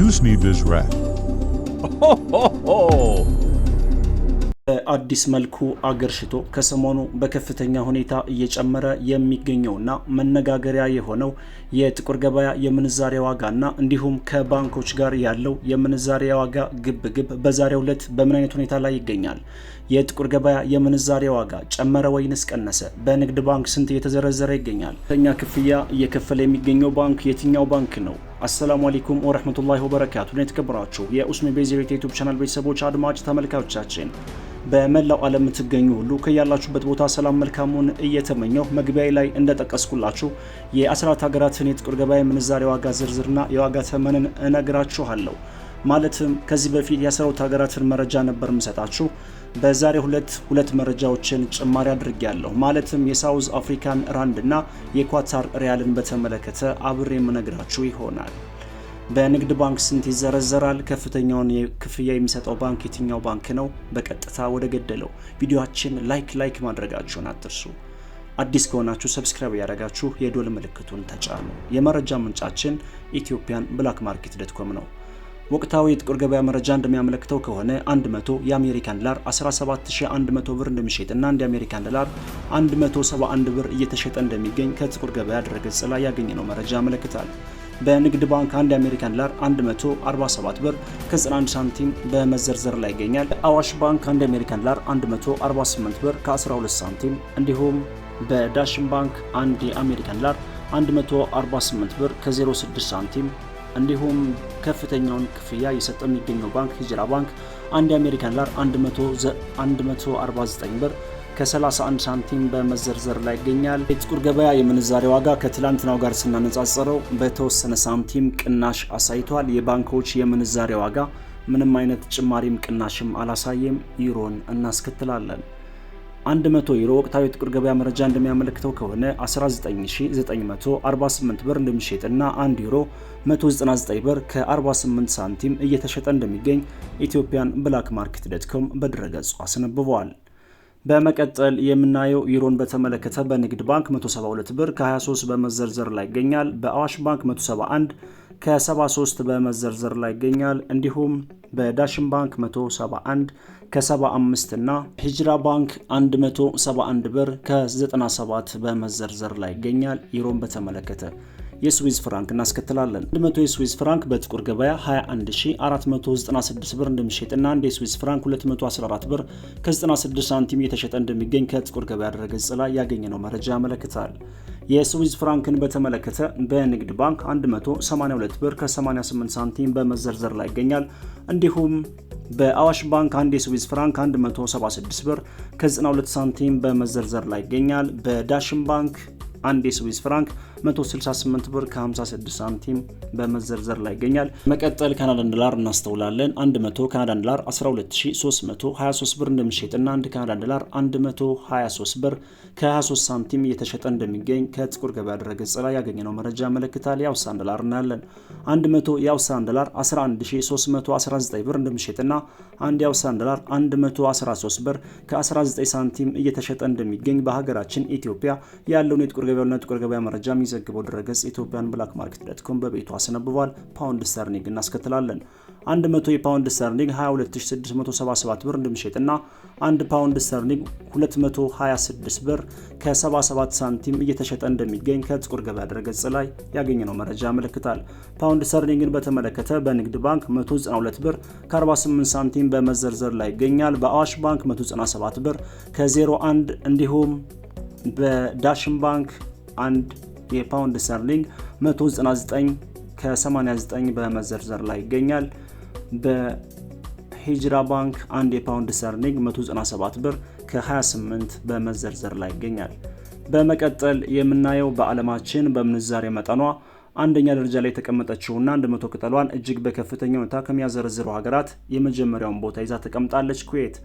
need this rat. ho, ho. በአዲስ መልኩ አገርሽቶ ከሰሞኑ በከፍተኛ ሁኔታ እየጨመረ የሚገኘውና መነጋገሪያ የሆነው የጥቁር ገበያ የምንዛሬ ዋጋና እንዲሁም ከባንኮች ጋር ያለው የምንዛሬ ዋጋ ግብግብ በዛሬው ዕለት በምን አይነት ሁኔታ ላይ ይገኛል? የጥቁር ገበያ የምንዛሬ ዋጋ ጨመረ ወይንስ ቀነሰ? በንግድ ባንክ ስንት እየተዘረዘረ ይገኛል? ተኛ ክፍያ እየከፈለ የሚገኘው ባንክ የትኛው ባንክ ነው? አሰላሙ አለይኩም ወረህመቱላሂ ወበረካቱ። የተከበራችሁ የኡስሚ ቤዚቤት ዩቱብ ቻናል ቤተሰቦች አድማጭ ተመልካቾቻችን በመላው ዓለም የምትገኙ ሁሉ ከያላችሁበት ቦታ ሰላም መልካሙን እየተመኘው መግቢያ ላይ እንደጠቀስኩላችሁ የአስራት ሀገራትን የጥቁር ገበያ ምንዛሬ ዋጋ ዝርዝርና የዋጋ ተመንን እነግራችኋለሁ። ማለትም ከዚህ በፊት የአስራቱ ሀገራትን መረጃ ነበር የምሰጣችሁ በዛሬ ሁለት ሁለት መረጃዎችን ጭማሪ አድርጌያለሁ። ማለትም የሳውዝ አፍሪካን ራንድ እና የኳታር ሪያልን በተመለከተ አብሬ የምነግራችሁ ይሆናል። በንግድ ባንክ ስንት ይዘረዘራል? ከፍተኛውን ክፍያ የሚሰጠው ባንክ የትኛው ባንክ ነው? በቀጥታ ወደ ገደለው ቪዲዮችን ላይክ ላይክ ማድረጋችሁን አትርሱ። አዲስ ከሆናችሁ ሰብስክራይብ ያደረጋችሁ የዶል ምልክቱን ተጫኑ። የመረጃ ምንጫችን ኢትዮጵያን ብላክ ማርኬት ዶት ኮም ነው። ወቅታዊ የጥቁር ገበያ መረጃ እንደሚያመለክተው ከሆነ 100 የአሜሪካን ዶላር 17100 ብር እንደሚሸጥ እና አንድ የአሜሪካን ዶላር 171 ብር እየተሸጠ እንደሚገኝ ከጥቁር ገበያ ድረገጽ ላይ ያገኘነው መረጃ ያመለክታል። በንግድ ባንክ አንድ የአሜሪካን ዶላር 147 ብር ከ91 ሳንቲም በመዘርዘር ላይ ይገኛል። አዋሽ ባንክ አንድ የአሜሪካን ዶላር 148 ብር ከ12 ሳንቲም እንዲሁም በዳሽን ባንክ አንድ የአሜሪካን ዶላር 148 ብር ከ06 ሳንቲም እንዲሁም ከፍተኛውን ክፍያ እየሰጠ የሚገኘው ባንክ ሂጅራ ባንክ አንድ የአሜሪካን ዶላር 149 ብር ከ31 ሳንቲም በመዘርዘር ላይ ይገኛል። የጥቁር ገበያ የምንዛሬ ዋጋ ከትላንትናው ጋር ስናነጻጽረው በተወሰነ ሳንቲም ቅናሽ አሳይቷል። የባንኮች የምንዛሬ ዋጋ ምንም አይነት ጭማሪም ቅናሽም አላሳየም። ዩሮን እናስከትላለን። 100 ዩሮ ወቅታዊ ጥቁር ገበያ መረጃ እንደሚያመለክተው ከሆነ 19948 ብር እንደሚሸጥና 1 ዩሮ 199 ብር ከ48 ሳንቲም እየተሸጠ እንደሚገኝ ኢትዮጵያን ብላክ ማርኬት ዶትኮም በድረገጹ አስነብበዋል። በመቀጠል የምናየው ዩሮን በተመለከተ በንግድ ባንክ 172 ብር ከ23 በመዘርዘር ላይ ይገኛል። በአዋሽ ባንክ 171 ከ73 በመዘርዘር ላይ ይገኛል። እንዲሁም በዳሽን ባንክ 171 ከ75 እና ሂጅራ ባንክ 171 ብር ከ97 በመዘርዘር ላይ ይገኛል። ዩሮን በተመለከተ የስዊዝ ፍራንክ እናስከትላለን። 100 የስዊዝ ፍራንክ በጥቁር ገበያ 21496 ብር እንደሚሸጥና አንድ የስዊዝ ፍራንክ 214 ብር ከ96 ሳንቲም የተሸጠ እንደሚገኝ ከጥቁር ገበያ ድረገጽ ላይ ያገኘነው መረጃ ያመለክታል። የስዊዝ ፍራንክን በተመለከተ በንግድ ባንክ 182 ብር ከ88 ሳንቲም በመዘርዘር ላይ ይገኛል። እንዲሁም በአዋሽ ባንክ አንድ የስዊዝ ፍራንክ 176 ብር ከ92 ሳንቲም በመዘርዘር ላይ ይገኛል። በዳሽን ባንክ አንድ የስዊዝ ፍራንክ 168 ብር ከ56 ሳንቲም በመዘርዘር ላይ ይገኛል። መቀጠል ካናዳን ዶላር እናስተውላለን። 100 ካናዳን ዶላር 12323 ብር እንደሚሸጥና 1 ካናዳን ዶላር 123 ብር ከ23 ሳንቲም እየተሸጠ እንደሚገኝ ከጥቁር ገበያ ድረገጽ ላይ ያገኘነው መረጃ ያመለክታል። የአውሳን ዶላር እናያለን። 100 የአውሳን ዶላር 11319 ብር እንደሚሸጥና 1 የአውሳን ዶላር 113 ብር ከ19 ሳንቲም እየተሸጠ እንደሚገኝ በሀገራችን ኢትዮጵያ ያለውን የጥቁር ገበያና የጥቁር ገበያ መረጃ የሚዘግበው ድረገጽ ኢትዮጵያን ብላክ ማርኬት ዶት ኮም በቤቱ አስነብቧል። ፓውንድ ስተርሊንግ እናስከትላለን። 100 የፓውንድ ስተርሊንግ 22677 ብር እንደሚሸጥና 1 ፓውንድ ስተርሊንግ 226 ብር ከ77 ሳንቲም እየተሸጠ እንደሚገኝ ከጥቁር ገበያ ድረገጽ ላይ ያገኘነው መረጃ ያመለክታል። ፓውንድ ስተርሊንግን በተመለከተ በንግድ ባንክ 192 ብር ከ48 ሳንቲም በመዘርዘር ላይ ይገኛል። በአዋሽ ባንክ 197 ብር ከ01 እንዲሁም በዳሽን ባንክ 1 የፓውንድ ስተርሊንግ 199 ከ89 በመዘርዘር ላይ ይገኛል። በሂጅራ ባንክ አንድ የፓውንድ ስተርሊንግ 197 ብር ከ28 በመዘርዘር ላይ ይገኛል። በመቀጠል የምናየው በዓለማችን በምንዛሬ መጠኗ አንደኛ ደረጃ ላይ የተቀመጠችውና አንድ መቶ ቅጠሏን እጅግ በከፍተኛ ሁኔታ ከሚያዘረዝሩ ሀገራት የመጀመሪያውን ቦታ ይዛ ተቀምጣለች ኩዌት።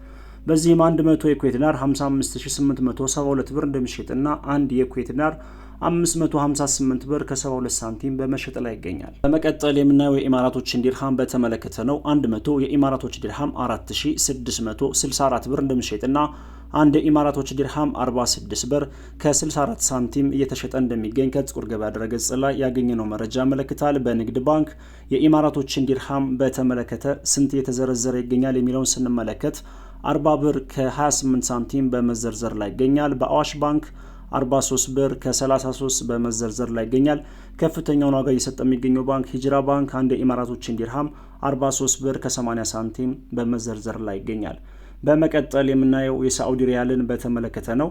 በዚህም 100 የኩዌት ዲናር 55872 ብር እንደሚሸጥና አንድ የኩዌት ዲናር 558 ብር ከ72 ሳንቲም በመሸጥ ላይ ይገኛል። በመቀጠል የምናየው የኢማራቶችን ዲርሃም በተመለከተ ነው። 100 የኢማራቶች ዲርሃም 4664 ብር እንደሚሸጥና አንድ የኢማራቶች ዲርሃም 46 ብር ከ64 ሳንቲም እየተሸጠ እንደሚገኝ ከጥቁር ገበያ ድረገጽ ላይ ያገኘነው መረጃ ያመለክታል። በንግድ ባንክ የኢማራቶችን ዲርሃም በተመለከተ ስንት እየተዘረዘረ ይገኛል የሚለውን ስንመለከት 40 ብር ከ28 ሳንቲም በመዘርዘር ላይ ይገኛል። በአዋሽ ባንክ 43 ብር ከ33 በመዘርዘር ላይ ይገኛል። ከፍተኛውን ዋጋ እየሰጠ የሚገኘው ባንክ ሂጅራ ባንክ አንድ የኢማራቶችን ዲርሃም 43 ብር ከ80 ሳንቲም በመዘርዘር ላይ ይገኛል። በመቀጠል የምናየው የሳዑዲ ሪያልን በተመለከተ ነው።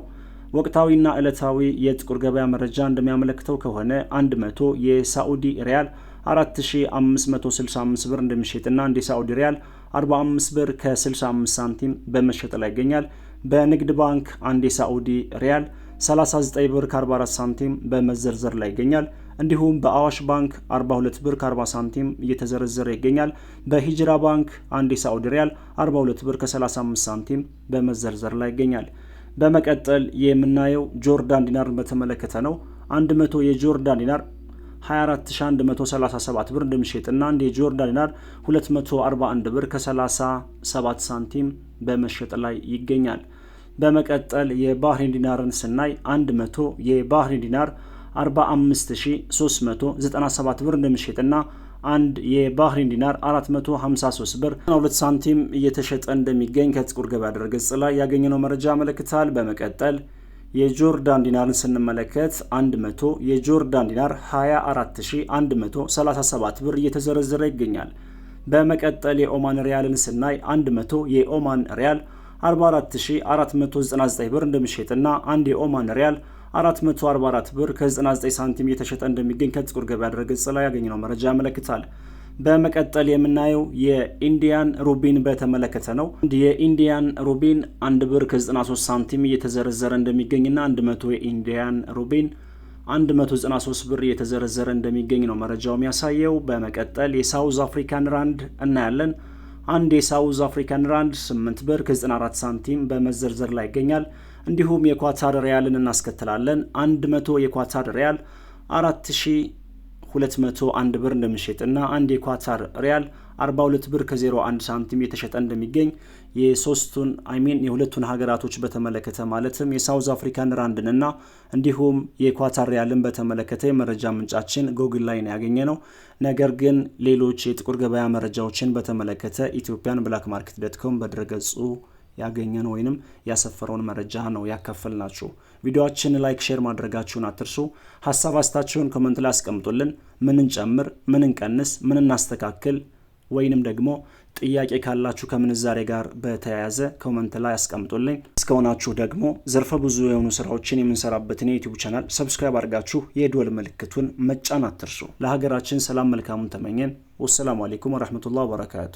ወቅታዊና ዕለታዊ የጥቁር ገበያ መረጃ እንደሚያመለክተው ከሆነ 100 የሳዑዲ ሪያል 4565 ብር እንደሚሸጥና አንድ የሳዑዲ ሪያል 45 ብር ከ65 ሳንቲም በመሸጥ ላይ ይገኛል። በንግድ ባንክ አንድ የሳዑዲ ሪያል 39 ብር ከ44 ሳንቲም በመዘርዘር ላይ ይገኛል። እንዲሁም በአዋሽ ባንክ 42 ብር ከ40 ሳንቲም እየተዘረዘረ ይገኛል። በሂጅራ ባንክ አንድ የሳዑዲ ሪያል 42 ብር ከ35 ሳንቲም በመዘርዘር ላይ ይገኛል። በመቀጠል የምናየው ጆርዳን ዲናርን በተመለከተ ነው። 100 የጆርዳን ዲናር 24137 ብር እንደሚሸጥና አንድ የጆርዳን ዲናር 241 ብር ከ37 ሳንቲም በመሸጥ ላይ ይገኛል። በመቀጠል የባህሬን ዲናርን ስናይ 100 የባህሬን ዲናር 45397 ብር እንደሚሸጥና አንድ የባህሬን ዲናር 453 ብር 2 ሳንቲም እየተሸጠ እንደሚገኝ ከጥቁር ገበያ ድረገጽ ላይ ያገኘነው መረጃ ያመለክታል። በመቀጠል የጆርዳን ዲናርን ስንመለከት 100 የጆርዳን ዲናር 24137 ብር እየተዘረዘረ ይገኛል። በመቀጠል የኦማን ሪያልን ስናይ 100 የኦማን ሪያል 44499 ብር እንደሚሸጥና አንድ የኦማን ሪያል 444 ብር ከ99 ሳንቲም እየተሸጠ እንደሚገኝ ከጥቁር ገበያ ድረገጽ ላይ ያገኘነው መረጃ ያመለክታል። በመቀጠል የምናየው የኢንዲያን ሩቢን በተመለከተ ነው። የኢንዲያን ሩቢን 1 ብር ከ93 ሳንቲም እየተዘረዘረ እንደሚገኝና 100 የኢንዲያን ሩቢን 193 ብር እየተዘረዘረ እንደሚገኝ ነው መረጃው የሚያሳየው። በመቀጠል የሳውዝ አፍሪካን ራንድ እናያለን። አንድ የሳውዝ አፍሪካን ራንድ 8 ብር ከ94 ሳንቲም በመዘርዘር ላይ ይገኛል። እንዲሁም የኳታር ሪያልን እናስከትላለን። 100 የኳታር ሪያል 4201 ብር እንደሚሸጥና አንድ የኳታር ሪያል 42 ብር ከ01 ሳንቲም የተሸጠ እንደሚገኝ የሶስቱን አይሚን የሁለቱን ሀገራቶች በተመለከተ ማለትም የሳውዝ አፍሪካን ራንድን እና እንዲሁም የኳታር ሪያልን በተመለከተ የመረጃ ምንጫችን ጎግል ላይ ነው ያገኘ ነው። ነገር ግን ሌሎች የጥቁር ገበያ መረጃዎችን በተመለከተ ኢትዮጵያን ብላክ ማርኬት ዶትኮም በድረገጹ ያገኘ ነው ወይንም ያሰፈረውን መረጃ ነው ናችሁ። ቪዲዮችን ላይክ፣ ሼር ማድረጋችሁን አትርሱ። ሀሳብ አስታችሁን ኮመንት ላይ አስቀምጡልን። ምን እንጨምር፣ ምን እንቀንስ፣ ምን እናስተካክል ወይንም ደግሞ ጥያቄ ካላችሁ ከምንዛሬ ጋር በተያያዘ ኮመንት ላይ አስቀምጡልኝ። እስከሆናችሁ ደግሞ ዘርፈ ብዙ የሆኑ ስራዎችን የምንሰራበትን የዩቲዩብ ቻናል ሰብስክራይብ አድርጋችሁ የደወል ምልክቱን መጫን አትርሱ። ለሀገራችን ሰላም መልካሙን ተመኘን። ወሰላሙ አሌይኩም ወረህመቱላህ ወበረካቱ።